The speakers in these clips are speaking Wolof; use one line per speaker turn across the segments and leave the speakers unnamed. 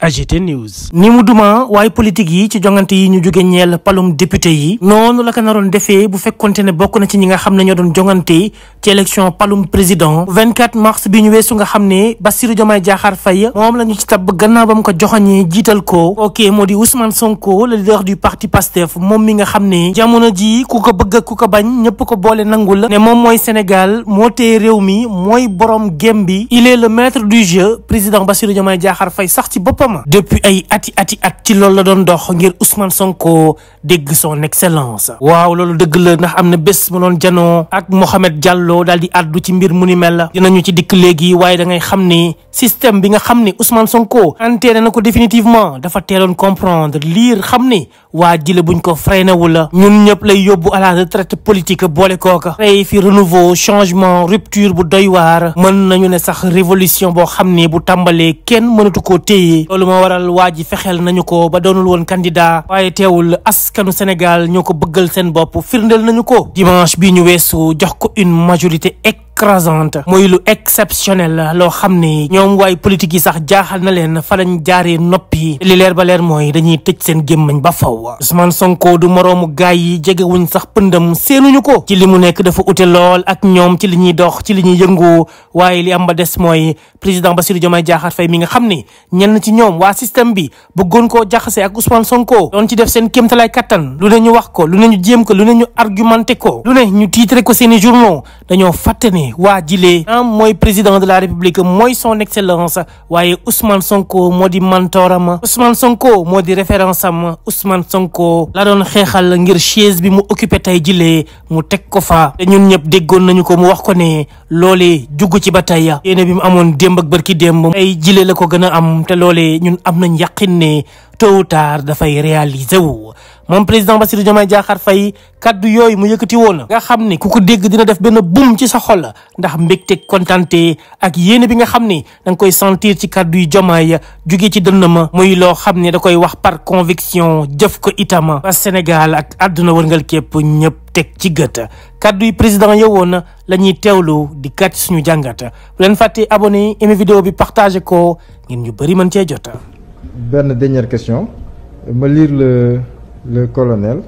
AGT News ni mu duma waaye politique yi ci jongante yi ñu jóge ñeel palum député yi noonu la ko naroon defee bu fekkonte ne bokk na ci ñi nga xam ne ñoo doon jongante ci élection palum président 24 mars bi ñu weesu nga xam ne Bassirou Diomaye Diakhar Faye moom la ci tabb gannaaw ba ko joxoñee jiital ko ok moo di Ousmane Sonko le leader du parti PASTEF moom mi nga xam ne jamono ji ku ko bëgg ku ko bañ ñëpp ko boole nangul ne moom mooy Sénégal moo réew mi mooy borom gém bi il est le maître du jeu président Bassirou Diomaye Diakhar Faye sax ci boppam xarkanaama depuis ay ati ati at ci loolu la doon dox ngir Ousmane Sonko dégg son excellence waaw loolu dëgg la ndax am na bés mu doon janoo ak Mohamed Diallo daal di àddu ci mbir mu ni mel dinañu ci dikk léegi waaye dangay xam ni système bi nga xam ni Ousmane Sonko enterré na ko définitivement dafa teeloon comprendre liir xam ni waa jile buñ ko freiné wu la ñun ñëpp lay yóbbu à la retraite politique boole kooka tey fi renouveau changement rupture bu doy waar mën nañu ne sax lu ma waral waa ji fexeel nañu ko ba doonul woon candidat waaye teewul askanu Sénégal ñoo ko bëggal seen bopp firndeel nañu ko dimanche bi ñu weesu jox ko une majorité ek écrasante mooy lu exceptionnel loo xam ne ñoom waay politique yi sax jaaxal na leen fa lañ jaaree noppi li leer ba leer mooy dañuy tëj seen gémmañ ba faw Ousmane Sonko du moroomu gaay yi jegewuñ sax pëndam seenuñu ko ci li mu nekk dafa ute lool ak ñoom ci li ñuy dox ci li ñuy yëngu waaye li am ba des mooy président Bassirou Diomaye Diakhar Faye mi nga xam ne ñenn ci ñoom waa système bi bëggoon koo jaxase ak Ousmane Sonko doon ci def seen kéemtalaay kattan lu ne ñu wax ko lu ne ñu lu ne ñu argumenté ko ko seeni ne waa jilee am mooy président de la république mooy son excellence waaye Ousmane Sonko moo di mentoram Ousmane Sonko moo di référence am Ousmane Sonko la doon xeexal ngir chaise bi mu occupé tey jilee mu teg ko fa ñun ñëpp déggoon nañu ko mu wax ko ne loolee jugg ci ba tey yéene bi mu amoon démb ak bërki démb ay jilee la ko gën a am te loolee ñun am nañ yàqin ne tôt ou tard dafay réaliser wu moom président Bassirou Diomaye Diakhar Faye kaddu yooyu mu yëkkati woon nga xam ne ku ko dégg dina def benn buum ci sa xol ndax teg kontante ak yéene bi nga xam ne da koy sentir ci kaddu yu Diomaye jugee ci ma muy loo xam ne da koy wax par conviction jëf ko itam ba Sénégal ak àdduna wërngal képp ñëpp teg ci gët kaddu yi président yowoon la ñuy teewlu di gàtt suñu jàngata bu leen fàtte abonné aimé vidéo bi partagé ko ngeen ñu bëri mën cee jot.
benn dernière ma
lire le euh, colonel.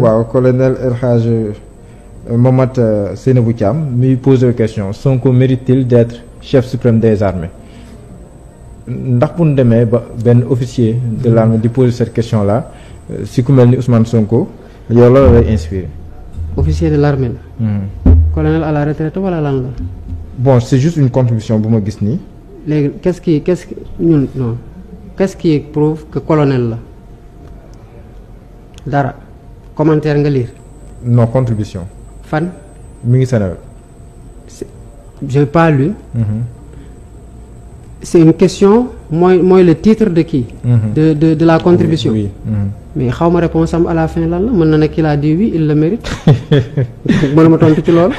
waaw colonel El Hadj euh, Momat euh, Sénébou Thiam muy pose question Sonko mérite-t-il d'être chef suprême des armées ndax bu ñu demee ba benn officier de l'armée di poser cette question là si ku mel ni Ousmane Sonko yow la lay inspiré.
officier de l'armée la. Hmm. colonel à la retraite lan la.
bon c'est juste une contribution bu ma gis nii.
léegi qu'est-ce qui qu'est-ce qui prouve que colonel la dara commentaire nga liir
non contribution. fan. mu ngi Sénégal.
j'ai pas lu. Mm c'est une question mooy mooy le titre de qui. Mm-hmm. de de de la contribution. Oui, mm-hmm. mais xaw ma réponse am à la lan la mën na ne kii laa di oui il le mérite mën tontu ci loolu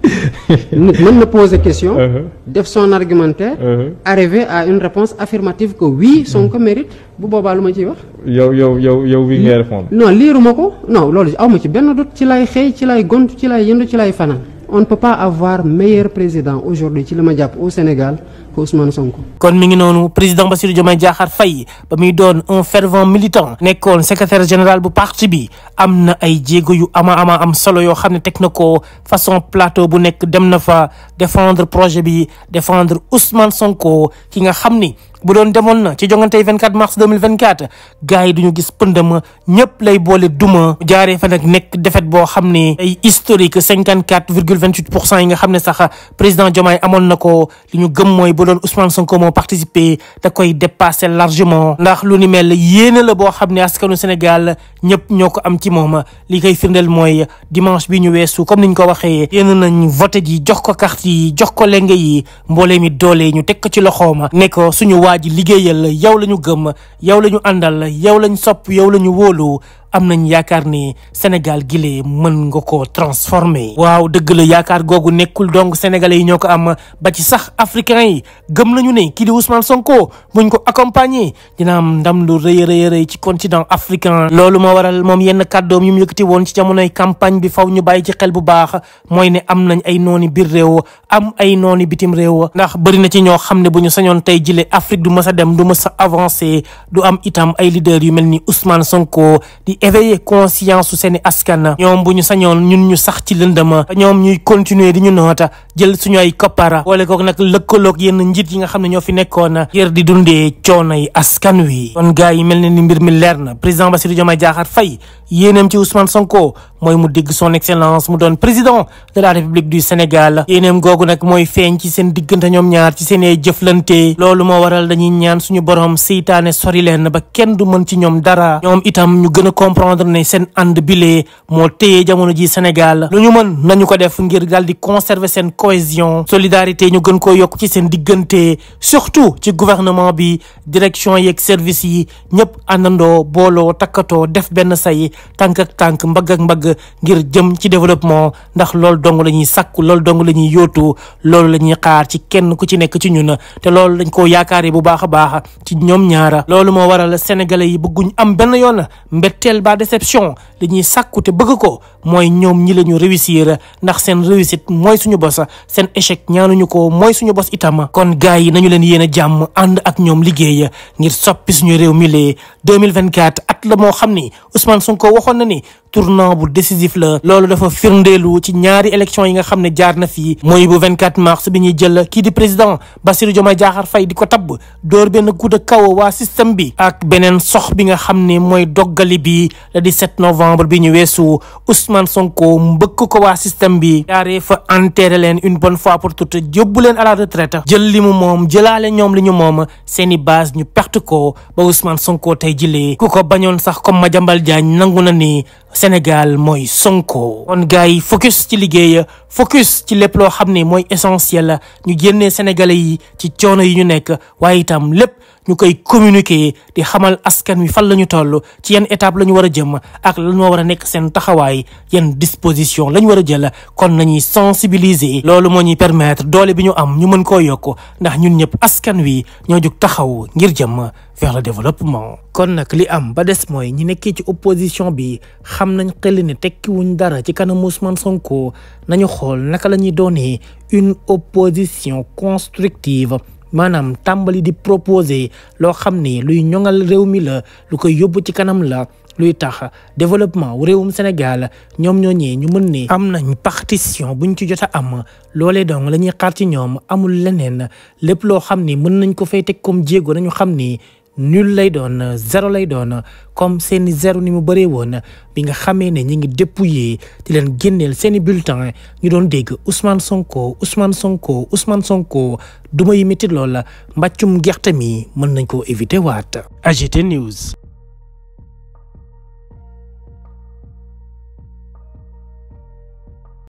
nit mën na poser question uh-huh. def son argumentaire uh-huh. arriver à une réponse affirmative que son Sonko uh-huh. mérite bu boobaa lu ma ciy wax yow yow yow yow wi ngay répondre non liiruma ko non loolu aw ma ci benn doute ci lay xëy ci lay gont ci lay yëndu ci lay fanaan on ne peut pas avoir meilleur président aujourd'hui ci li ma jàpp au Sénégal ko Ousmane Sonko.
kon mi ngi noonu président Bassirou Diomaye Diakhar Faye ba muy doon un fervent militant nekkoon secrétaire général bu parti bi am na ay jéego yu ama ama am solo yoo xam ne teg na ko façon plateau bu nekk dem na fa défendre projet bi défendre Ousmane Sonko ki nga xam ni. bu doon demoon na ci jongante mars 2024 gars yi gis pëndama ñëpp lay boole duma jaaree fa nekk defet boo xam ne historique 54 nga xam ne sax président Diomaye amoon na ko li ñu gëm bu doon Ousmane Sonko moo participé da koy dépassé largement ndax lu ni mel yéene la boo xam ne askanu Sénégal ñëpp ñoo ko am ci moom li koy firndeel mooy dimanche bi ñu weesu comme ni ñu ko waxee yenn nañ voté ji jox ko carte yi jox ko lenge yi mboolee mi doole ñu teg ko ci loxoom ne ko suñu waa ji liggéeyal yow la ñu gëm yow la ñu àndal yow lañ sopp yow la ñu wóolu am nañ yaakaar ni Sénégal gile mën nga ko transformé waaw dëgg la yaakaar googu nekkul donc sénégalais yi ñoo ko am ba ci sax africain yi gëm nañu ne kii di Ousmane Sonko ñu ko accompagner dina am ndam lu rëy rëy ci continant african loolu moo waral moom yenn kàddoom yu mu yëkkati woon ci jamonoy campagne bi faw ñu bàyyi ci xel bu baax mooy ne am nañ ay nooni biir réew. am ay nooni bitim réew ndax bëri na ci ñoo xam ne bu ñu sañoon tey jilee Afrique du mës a dem du mës a avancé du am itam ay leaders yu mel ni Ousmane Sonko di éveiller conscience su seeni askan ñoom bu ñu sañoon ñun ñu sax ci lëndama ñoom ñuy continuer di ñu noota jël suñu ay koppara boole kook nag lëkkaloog yenn njiit yi nga xam ne ñoo fi nekkoon ngir di dundee coono yi askan wi kon gars yi mel ne ni mbir mi leer na président Bassirou Diomaye Diakhar Faye yéeneem ci Ousmane Sonko mooy mu dégg son excellence mu doon président de la république du Sénégal yéeneem googu nag mooy feeñ ci seen diggante ñoom ñaar ci seen jëflante loolu moo waral dañuy ñaan suñu borom seytaane sori leen ba kenn du mën ci ñoom dara ñoom itam ñu gën a comprendre ne seen ànd bilee moo téye jamono ji Sénégal lu ñu mën nañu ko def ngir daal di conservé seen cohésion solidarité ñu gën koo yokk ci seen diggante surtout ci gouvernement bi direction yeeg service yi ñëpp àndandoo booloo takkatoo def benn say tànk tànk mbagg ak mbagg bëgg ngir jëm ci développement ndax loolu dong lañuy ñuy lool loolu dong la ñuy yóotu loolu la ñuy xaar ci kenn ku ci nekk ci ñun te loolu dañ koo yaakaaree bu baax a baax ci ñoom ñaara loolu moo waral sénégalais yi bëgguñ am benn yoon mbetteel ba déception li ñuy sàkku te bëgg ko mooy ñoom ñi la ñu réussir ndax seen réussite mooy suñu bos seen échec ñaanuñu ko mooy suñu bos itam kon gars yi nañu leen yéen a jàmm ànd ak ñoom liggéey ngir soppi suñu réew mi lee 2024 at la moo xam ni Ousmane Sonko ni décisif la loolu dafa firndeelu ci ñaari élection yi nga xam ne jaar na fii mooy bu 24 mars bi ñuy jël kii di président Bassirou Diomaye Diakhar fay di ko tabb door benn coup de kaw waa système bi ak beneen sox bi nga xam ne mooy doggali bi le 17 novembre bi ñu weesu Ousmane Sonko mbëkk ko waa système bi jaaree fa enterré leen une bonne fois pour toutes leen à la retraite jël li mu moom jëlaale ñoom li ñu moom seeni base ñu perte ko ba Ousmane Sonko tey jilee ku ko bañoon sax comme Madiambal Diagne nangu na ni Sénégal mooy Sonko. kon gars yi focus ci liggéey focus ci lépp loo xam ne mooy la ñu génnee sénégalais yi ci coono yi ñu nekk waaye itam lépp. ñu koy communiquer di xamal askan wi fan la ñu toll ci yan étape la ñu war a jëm ak lan moo war a nekk seen taxawaay yan disposition la ñu war a jël kon nañuy sensibiliser. loolu moo ñuy permettre doole bi ñu am ñu mën koo yokk ndax ñun ñëpp askan wi ñoo jug taxaw ngir jëm vers le développement. kon nag li am ba des mooy ñu nekkee ci opposition bi xam nañ xel ne tekkiwuñ dara ci kanamu suman Sonko nañu xool naka la ñuy doonee une opposition constructive. maanaam tàmbali di proposer loo xam ni luy ñoŋal réew mi la lu koy yóbbu ci kanam la luy tax développement wu réewum Sénégal ñoom ñooñee ñu mën ne am nañ partition buñ ci jot a am loolee donc la ñuy xaar ci ñoom amul leneen lépp loo xam ni mën nañ ko fay teg comme jéego nañu xam nii nul lay doon zéro lay doon comme seeni zéro ni mu bëree woon bi nga xamee ne ñi ngi dépouillé di leen génneel seeni bulletin ñu doon dégg Ousmane Sonko Ousmane Sonko Ousmane Sonko duma yi métti lool mbàccum gerte mi mën nañ koo éviter waat AGT News